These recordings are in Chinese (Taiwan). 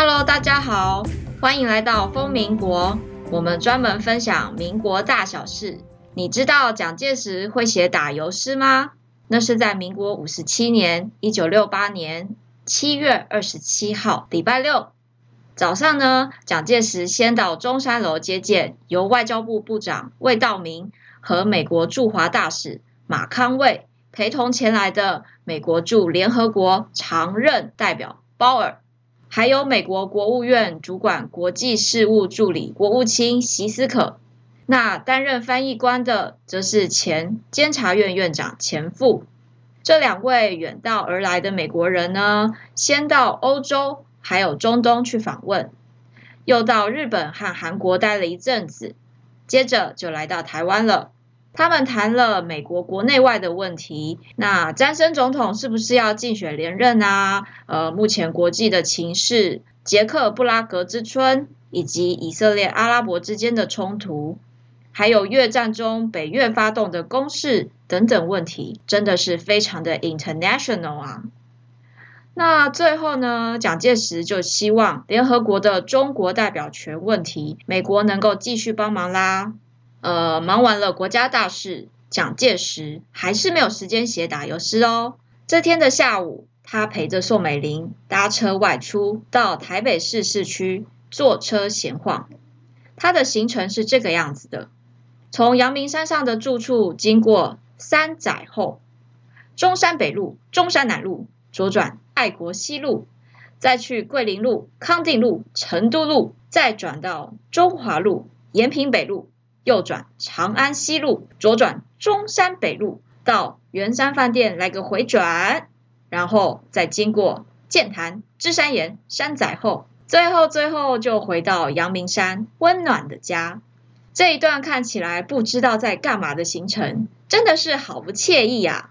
Hello，大家好，歡迎來到瘋民國。我們專門分享民國大小事。你知道蔣介石會寫打油詩嗎？那是在民國五十七年（一九六八年）七月二十七號，禮拜六早上呢，蔣介石先到中山樓接見由外交部部長魏道明和美國駐華大使馬康衛陪同前來的美國駐聯合國常任代表鮑爾。還有美國國務院主管國際事務助理國務卿席斯可，那擔任翻譯官的則是前監察院院長錢復。這兩位遠道而來的美國人呢，先到歐洲還有中東去訪問，又到日本和韓國待了一陣子，接着就來到台灣了。他們談了美國國內外的問題，那詹森總統是不是要競選連任啊？呃，目前國際的情勢，捷克布拉格之春，以及以色列阿拉伯之間的衝突，還有越戰中北越發動的攻勢等等問題，真的是非常的 international 啊。那最後呢，蔣介石就希望聯合國的中國代表權問題，美國能夠繼續幫忙啦。呃，忙完了國家大事，蔣介石還是沒有時間寫打油詩哦。這天的下午，他陪着宋美齡搭車外出，到台北市市區坐車閒晃。他的行程是這個樣子的：從陽明山上的住處經過山仔後，中山北路、中山南路左轉愛國西路，再去桂林路、康定路、成都路，再轉到中華路、延平北路。右轉長安西路，左轉中山北路，到圓山飯店來個迴轉，然後再經過劍潭、芝山岩、山仔後，最後最後就回到陽明山溫暖的家。這一段看起來不知道在幹嘛的行程，真的是好不愜意呀、啊！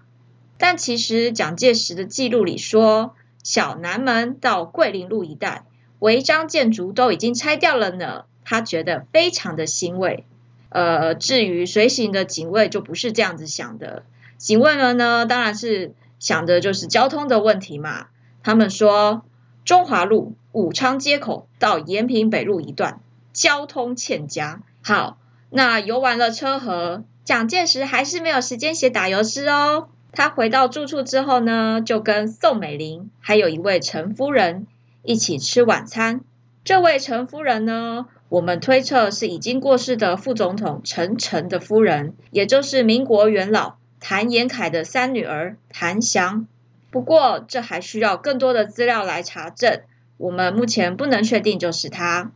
但其實蔣介石的記錄裡說，小南門到桂林路一帶，違章建築都已經拆掉了呢，他覺得非常的欣慰。呃，至於隨行的警衛就不是這樣子想的，警衛們呢，當然是想的就是交通的問題嘛。他們說，中華路武昌街口到延平北路一段交通欠佳。好，那遊完了車河，蔣介石還是沒有時間寫打油詩哦。他回到住處之後呢，就跟宋美齡還有一位陳夫人一起吃晚餐。這位陳夫人呢？我們推測是已經過世的副總統陳誠的夫人，也就是民國元老譚延闓的三女兒譚祥。不過，這還需要更多的資料來查證，我們目前不能確定就是她。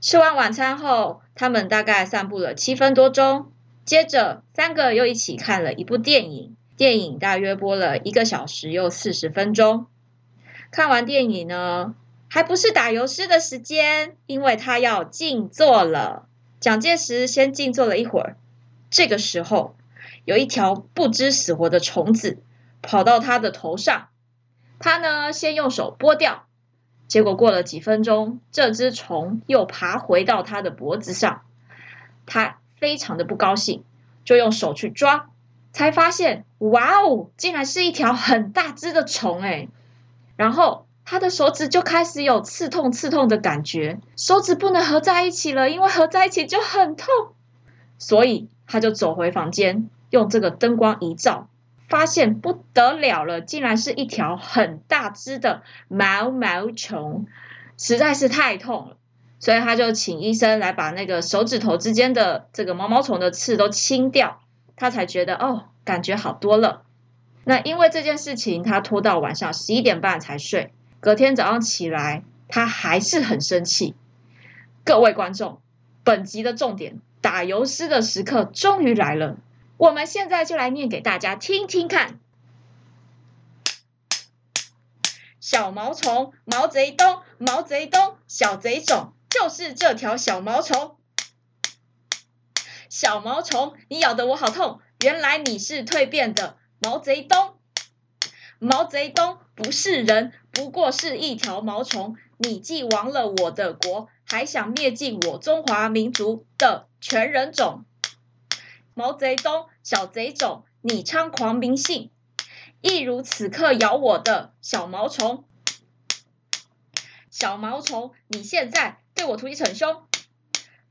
吃完晚餐後，他們大概散步了七分多鐘，接着三個又一起看了一部電影，電影大約播了一個小時又四十分鐘。看完電影呢？還不是打油詩的時間，因為他要靜坐了。蔣介石先靜坐了一會兒，這個時候有一條不知死活的蟲子跑到他的頭上，他呢，先用手撥掉，結果過了幾分鐘，這隻蟲又爬回到他的脖子上，他非常的不高興，就用手去抓，才發現哇哦，竟然是一條很大隻的蟲哎，然後。他的手指就開始有刺痛、刺痛的感覺，手指不能合在一起了，因為合在一起就很痛，所以他就走回房間，用這個燈光一照，發現不得了了，竟然是一條很大隻的毛毛蟲，實在是太痛了，所以他就請醫生來把那個手指頭之間的這個毛毛蟲的刺都清掉，他才覺得，哦，感覺好多了。那因為這件事情，他拖到晚上十一點半才睡。隔天早上起來，他還是很生氣。各位觀眾，本集的重點打油詩的時刻終於來了，我們現在就來念給大家聽聽看。小毛蟲，毛賊東，毛賊東，小賊種，就是這條小毛蟲。小毛蟲，你咬得我好痛，原來你是蛻變的毛賊東，毛賊東。不是人，不過是一條毛蟲。你既亡了我的國，還想滅盡我中華民族的全人種？毛賊東，小賊種，你猖狂迷信，一如此刻咬我的小毛蟲。小毛蟲，你現在對我突起逞凶，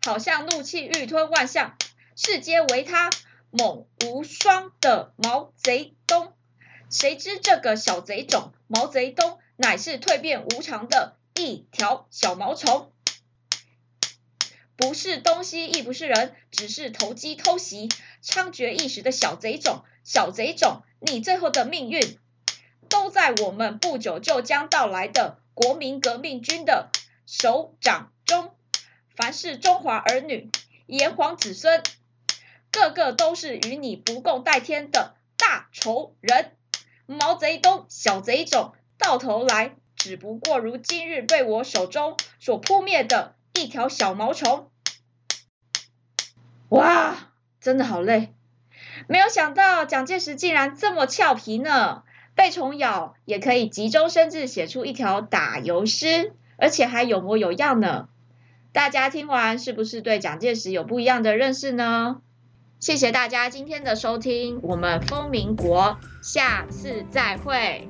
好像怒氣欲吞萬象，世皆為他猛無雙的毛賊東。誰知這個小賊種毛賊東乃是蛻變無常的一條小毛蟲，不是東西亦不是人，只是投機偷襲、猖獗一時的小賊種。小賊種，你最後的命運，都在我們不久就將到來的國民革命軍的手掌中。凡是中華兒女、炎黃子孫，個個都是與你不共戴天的大仇人。毛賊東，小賊種，到頭來只不過如今日被我手中所撲滅的一條小毛蟲。哇，真的好累！沒有想到蔣介石竟然這麼俏皮呢，被蟲咬也可以急中生智寫出一條打油詩，而且還有模有樣呢。大家聽完是不是對蔣介石有不一樣的認識呢？謝謝大家今天的收聽，我們瘋民國下次再會。